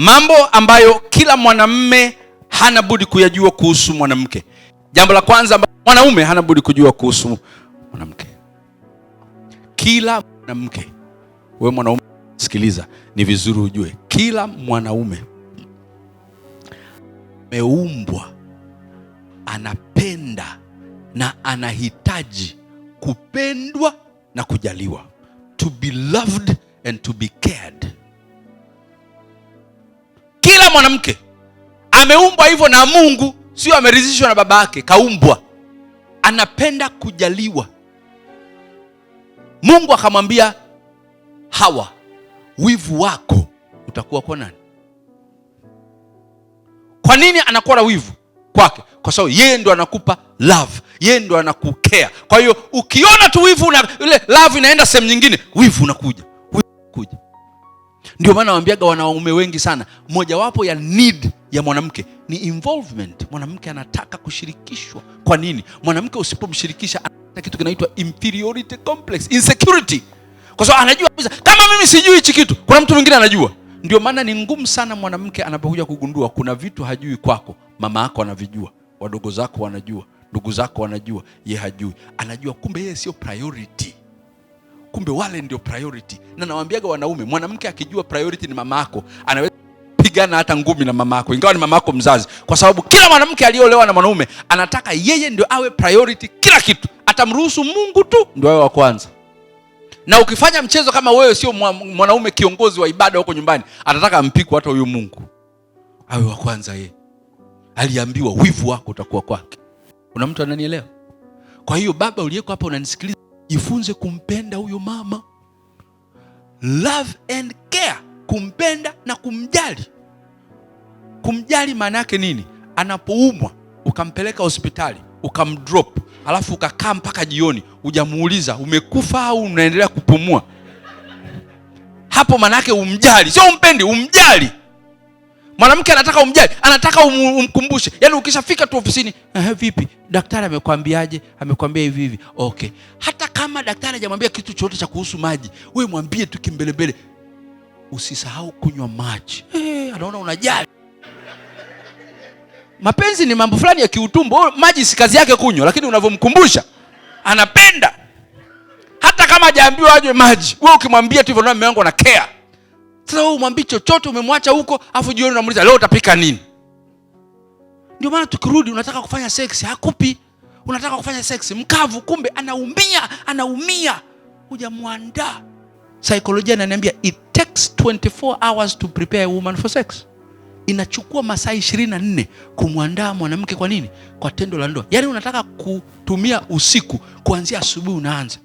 mambo ambayo kila mwanamme hana budi kuyajua kuhusu mwanamke jambo la kwanza mwanaume hana budi kujua kuhusu mwanamke kila mwanamke wewe mwanaume sikiliza ni vizuri ujue kila mwanaume ameumbwa anapenda na anahitaji kupendwa na kujaliwa to be loved and to be cared mwanamke ameumbwa hivyo na Mungu, sio amerizishwa na baba yake, kaumbwa anapenda kujaliwa. Mungu akamwambia Hawa, wivu wako utakuwa kwa nani? Kwa nini anakuwa na wivu kwake? Kwa sababu yeye ndo anakupa love, yeye ndo anakukea. Kwa hiyo ukiona tu wivu, ile love inaenda sehemu nyingine, wivu unakuja, wivu unakuja. Ndio maana nawaambiaga wanaume wengi sana, mojawapo ya need ya mwanamke ni involvement. Mwanamke anataka kushirikishwa. Kwa nini? Mwanamke usipomshirikisha anapata kitu kinaitwa inferiority complex, insecurity, kwa sababu anajua kama mimi sijui hichi kitu, kuna mtu mwingine anajua. Ndio maana ni ngumu sana mwanamke anapokuja kugundua kuna vitu hajui kwako. Mama yako anavijua, wadogo zako wanajua, ndugu zako wanajua, ye hajui. Anajua kumbe yeye sio priority kumbe wale ndio priority. Na nawaambiaga wanaume, mwanamke akijua priority ni mama yako, anaweza pigana hata ngumi na mama yako, ingawa ni mama yako mzazi, kwa sababu kila mwanamke aliyeolewa na mwanaume anataka yeye ndio awe priority kila kitu, atamruhusu Mungu tu ndio awe wa kwanza. Na ukifanya mchezo kama wewe sio mwanaume kiongozi wa ibada huko nyumbani, atataka ampiku hata huyo Mungu awe wa kwanza. Yeye aliambiwa wivu wako utakuwa kwake. Kuna mtu ananielewa? Kwa hiyo baba uliyeko hapa unanisikiliza jifunze kumpenda huyo mama, love and care, kumpenda na kumjali. Kumjali maana yake nini? Anapoumwa ukampeleka hospitali ukamdrop, alafu ukakaa mpaka jioni, hujamuuliza umekufa au unaendelea kupumua. Hapo maana yake umjali, sio umpendi, umjali mwanamke anataka umjali anataka um, umkumbushe yaani ukishafika tu ofisini eh, vipi daktari amekwambiaje amekwambia hivi hivi okay hata kama daktari hajamwambia kitu chochote cha kuhusu maji we mwambie tu kimbelembele usisahau kunywa maji hey, anaona unajali mapenzi ni mambo fulani ya kiutumbo maji si kazi yake kunywa lakini unavyomkumbusha anapenda hata kama hajaambiwa anywe maji we ukimwambia tu hivyo mume wangu anakea sasa wewe umwambie chochote, umemwacha huko, afu jioni unamuuliza leo utapika nini? Ndio maana tukirudi, unataka kufanya seksi, hakupi. Unataka kufanya seksi mkavu, kumbe anaumia, anaumia, hujamwandaa. Saikolojia inaniambia it takes 24 hours to prepare a woman for sex. Inachukua masaa 24 kumwandaa mwanamke. Kwa nini? Kwa tendo la ndoa. Yaani unataka kutumia usiku, kuanzia asubuhi unaanza.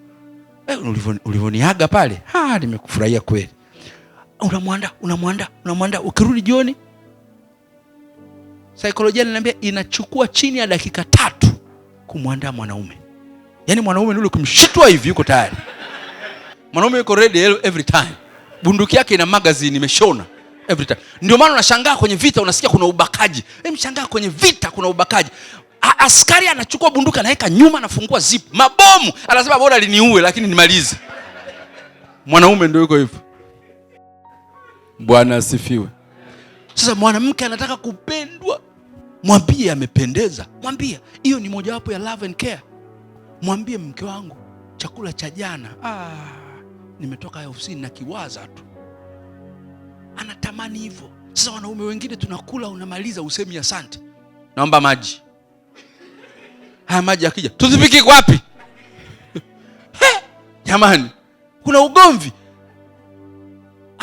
Eh, ulivyoniaga pale, ah, nimekufurahia kweli unamwanda unamwanda unamwanda ukirudi jioni, saikolojia inaniambia inachukua chini ya dakika tatu kumwandaa mwanaume. Yaani mwanaume ni ukimshitwa hivi, yuko tayari mwanaume yuko ready every time, bunduki yake ina magazine imeshona every time. Ndio maana unashangaa kwenye vita unasikia kuna ubakaji. Hebu mshangaa kwenye vita kuna ubakaji. A, askari anachukua bunduki anaweka nyuma, anafungua zip, mabomu, anasema bora liniue, lakini nimalize. Mwanaume ndio yuko hivyo. Bwana asifiwe. Sasa mwanamke anataka kupendwa, mwambie amependeza, mwambie hiyo ni mojawapo ya love and care. Mwambie mke wangu, chakula cha jana, ah, nimetoka ofisini na kiwaza tu. Anatamani hivyo. Sasa wanaume wengine tunakula, unamaliza usemi asante, naomba maji. Haya maji akija, tuzipiki wapi? Jamani, kuna ugomvi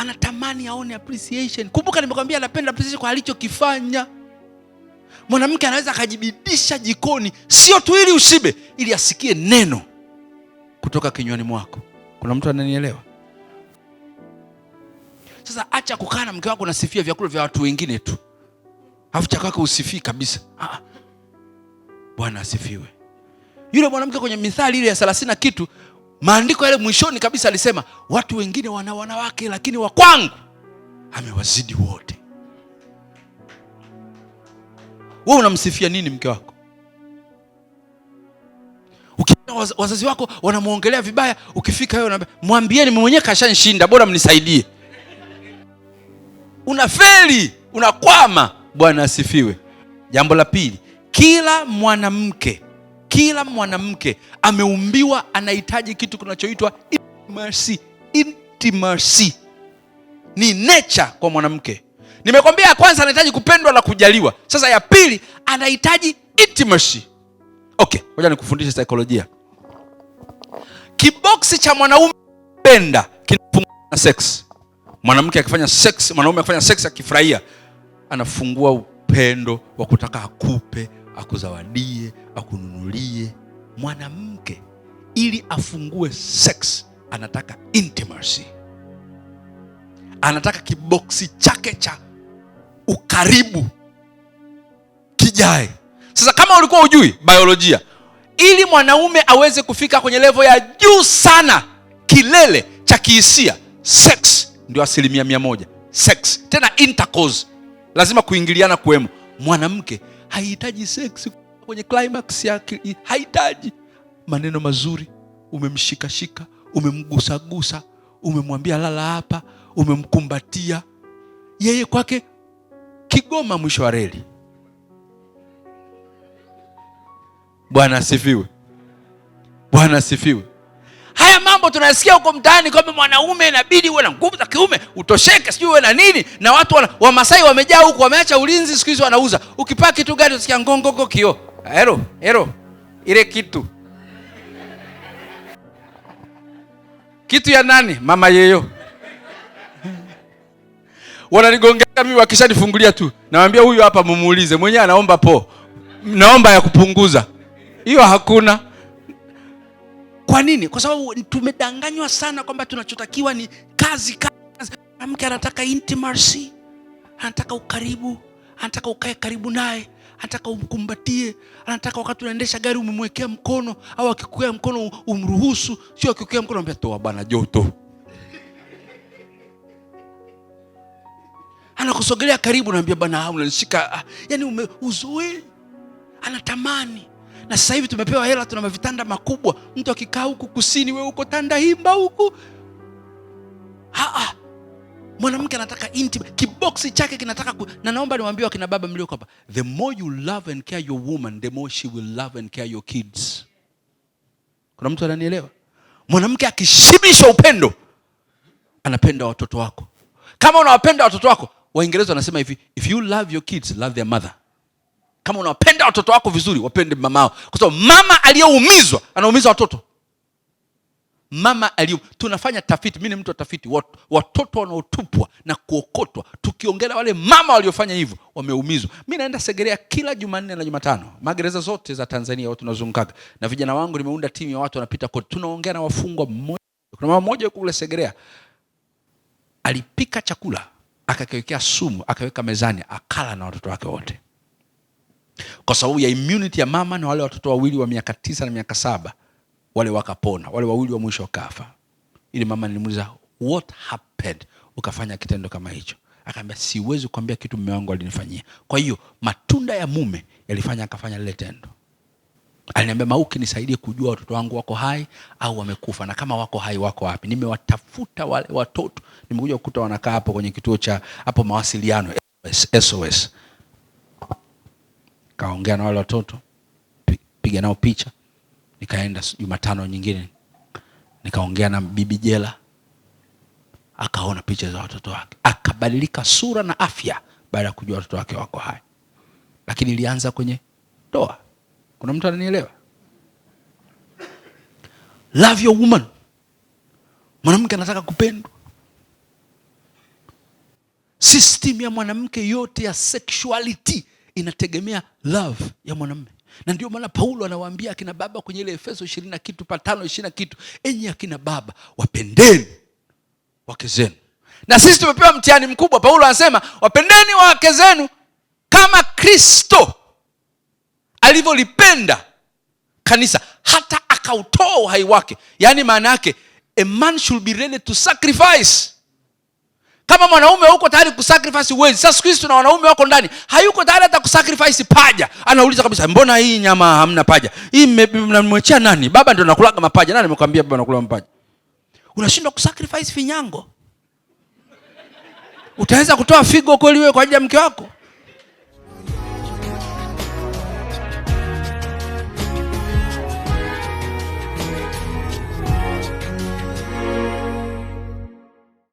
anatamani aone appreciation. Kumbuka nimekwambia anapenda appreciation kwa alichokifanya. Mwanamke anaweza akajibidisha jikoni, sio tu ili ushibe, ili asikie neno kutoka kinywani mwako. Kuna mtu ananielewa? Sasa acha kukaa na mke wako unasifia vyakula vya watu wengine tu, alafu cha kwako usifii kabisa. Ah, ah, Bwana asifiwe. Yule mwanamke kwenye Mithali ile ya thelathini na kitu maandiko yale mwishoni kabisa alisema watu wengine wana wanawake lakini wa kwangu amewazidi wote. Wewe unamsifia nini mke wako? Ukiona wazazi wako wanamwongelea vibaya, ukifika wewe unaambia mwambieni, mwenyewe kashanishinda, bora mnisaidie. Unafeli, unakwama. Bwana asifiwe. Jambo la pili, kila mwanamke kila mwanamke ameumbiwa anahitaji kitu kinachoitwa intimacy. Intimacy ni nature kwa mwanamke. Nimekwambia ya kwanza anahitaji kupendwa na kujaliwa, sasa ya pili anahitaji intimacy. Okay, ngoja nikufundishe saikolojia. Kiboksi cha mwanaume penda kinafungua na sex. Mwanamke akifanya sex, mwanaume akifanya sex akifurahia, anafungua upendo wa kutaka akupe akuzawadie, akununulie mwanamke ili afungue sex, anataka intimacy, anataka kiboksi chake cha ukaribu kijae. Sasa kama ulikuwa ujui biolojia, ili mwanaume aweze kufika kwenye levo ya juu sana, kilele cha kihisia, sex ndio asilimia mia moja. Sex tena intercourse, lazima kuingiliana kuwemo. Mwanamke haihitaji seksi kwenye climax yake, haihitaji maneno mazuri. Umemshikashika, umemgusagusa, umemwambia lala hapa, umemkumbatia yeye, kwake Kigoma mwisho wa reli. Bwana asifiwe, Bwana asifiwe haya mambo tunasikia huko mtaani kwamba mwanaume inabidi uwe na nguvu za kiume, utosheke, sijui uwe na nini, na watu wana, Wamasai wamejaa huko, wameacha ulinzi, siku hizi wanauza. Ukipaa kitu gari utasikia ngongongo, kio hero hero ile kitu kitu ya nani, mama yeyo wananigongea mimi, wakishanifungulia tu nawaambia huyu hapa mumuulize mwenyewe, anaomba po, naomba ya kupunguza hiyo hakuna kwa nini? Kwa sababu tumedanganywa sana kwamba tunachotakiwa ni kazi, kazi. Mwanamke anataka intimacy, anataka ukaribu, anataka ukae karibu naye, anataka umkumbatie, anataka wakati unaendesha gari umemwekea mkono, au akikuwea mkono umruhusu, sio akikuwea mkono ambaye toa bana joto anakusogelea karibu, naambia bwana, unanishika. Ah, yani umeuzui, anatamani na sasa hivi tumepewa hela, tuna mavitanda makubwa. Mtu akikaa huku kusini, wewe uko tanda himba huku. Ah, ah. Mwanamke anataka intimate, kiboksi chake kinataka ku... na naomba niwaambie wakina baba mlio hapa, the more you love and care your woman, the more she will love and care your kids. Kuna mtu ananielewa? Mwanamke akishibisha upendo, anapenda watoto wako. Kama unawapenda watoto wako, Waingereza wanasema hivi, if you love your kids, love their mother kama unawapenda watoto wako vizuri wapende mamao kwa sababu mama aliyeumizwa anaumiza watoto mama aliyo tunafanya tafiti mi ni mtu wa tafiti watoto wanaotupwa na kuokotwa tukiongelea wale mama waliofanya hivyo wameumizwa mi naenda segerea kila jumanne na jumatano magereza zote za tanzania watu tunazungukaga na vijana wangu nimeunda timu ya watu wanapita kote tunaongea na wafungwa mmoja kuna mama mmoja yuko kule segerea alipika chakula akakiwekea sumu akaweka mezani akala na watoto wake wote kwa sababu ya immunity ya mama na wale watoto wawili wa miaka tisa na miaka saba wale wakapona, wale wawili wa mwisho wakafa. Ili mama nilimuuliza what happened, ukafanya kitendo kama hicho? Akaambia siwezi kuambia kitu mume wangu alinifanyia. Kwa hiyo matunda ya mume yalifanya akafanya lile tendo. Aliniambia Mauki, nisaidie kujua watoto wangu wako hai au wamekufa, na kama wako hai wako wapi? Nimewatafuta wale watoto, nimekuja kukuta wanakaa hapo kwenye kituo cha hapo mawasiliano SOS nikaongea na wale watoto, piga nao picha. Nikaenda Jumatano nyingine nikaongea na bibi jela, akaona picha za watoto wake, akabadilika sura na afya baada ya kujua watoto wake wako hai. Lakini ilianza kwenye ndoa. Kuna mtu ananielewa? Love your woman. Mwanamke anataka kupendwa. System ya mwanamke yote ya sexuality inategemea love ya mwanamume, na ndio maana Paulo anawaambia akina baba kwenye ile Efeso ishirini na kitu patano ishirini na kitu, enyi akina baba wapendeni wake zenu. Na sisi tumepewa mtihani mkubwa. Paulo anasema wapendeni wake zenu kama Kristo alivyolipenda kanisa hata akautoa uhai wake. Yaani maana yake a man should be ready to sacrifice kama mwanaume huko tayari kusacrifice uwezi. Sasa siku hizi tuna wanaume wako ndani, hayuko tayari hata kusacrifice paja. Anauliza kabisa, mbona hii nyama hamna paja? Hii mnamwechea nani? Baba ndio nakulaga mapaja. Nani amekwambia baba nakula mapaja? Unashindwa kusacrifice finyango. Utaweza kutoa figo kweli wewe kwa ajili ya mke wako?